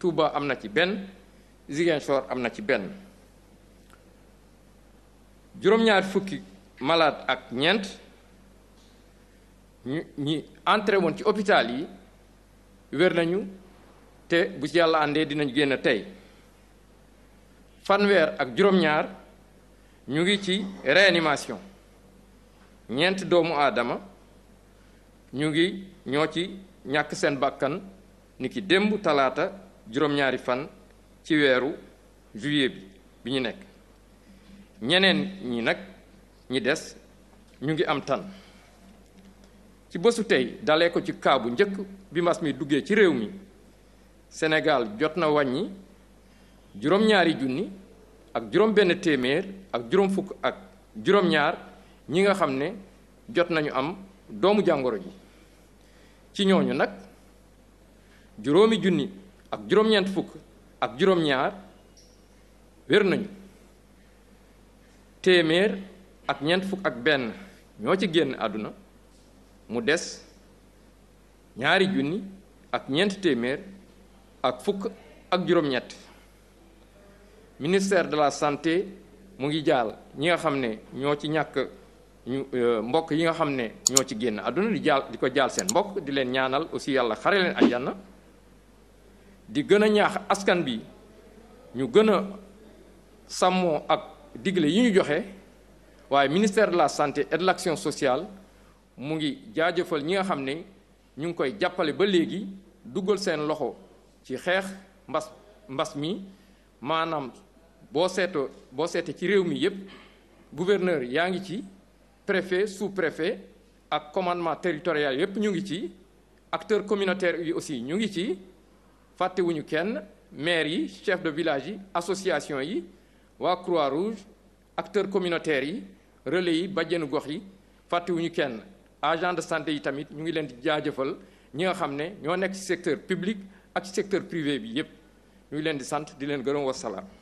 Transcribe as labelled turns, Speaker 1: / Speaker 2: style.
Speaker 1: Touba am na ci benn Ziguinchor am na ci benn juróom-ñaar fukki malade ak ñeent ñu ñi entré woon ci hôpital yi wér nañu te bu ci yàlla àndee dinañ génn tey fanweer ak juróom-ñaar ñu ngi ci réanimation ñeent doomu aadama ñu ngi ñoo ci ñàkk seen bàkkan ni ki démb talaata juróom-ñaari fan ci weeru juillet bi bi ñu nekk ñeneen ñi nag ñi des ñu ngi am tan ci bésu tey dalee ko ci kaabu njëkk bi mas mi duggee ci réew mi senegal jot na waññi juróom-ñaari junni ak juróom-benn téeméer ak juróom fukk ak juróom-ñaar ñi nga xam ne jot nañu am doomu jàngoro ji ci ñooñu nag juróomi junni ak juróom-ñeent fukk ak juróom-ñaar wér nañu téeméer ak ñeent fukk ak benn ñoo ci génn àdduna mu des ñaari junni ak ñeent téeméer ak fukk ak juróom-ñett ministère de la santé mu ngi jaal ñi nga xam ne ñoo ci ñàkk ñu euh, mbokk yi nga xam ne ñoo ci génn àdduna di jaal di ko jaal seen mbokk di leen ñaanal aussi yàlla xare leen àjjana di gën a ñaax askan bi ñu gën a sàmmoo ak digle yi ñu joxe waaye ministère de la santé et de l'action sociale mu ngi jaajëfal ñi nga xam ne ñu ngi koy jàppale ba léegi duggal seen loxo ci xeex mbas mbas mi maanaam boo seetoo boo seetee ci réew mi yépp gouverneur yaa ngi ci préfet sous préfet ak commandement territorial yépp ñu ngi ci acteurs communautaires yi aussi ñu ngi ci ñu kenn maire yi chef de village yi association yi waa Croix-Rouge acteurs communautaires yi relais yi bajjenu gox yi fàttewuñu kenn agent de santé yi tamit ñu ngi leen di jaajëfal ñi nga xam ne ñoo nekk ci secteur public ak ci secteur privé bi yépp ñu ngi leen di sant di leen gërëm wasalaam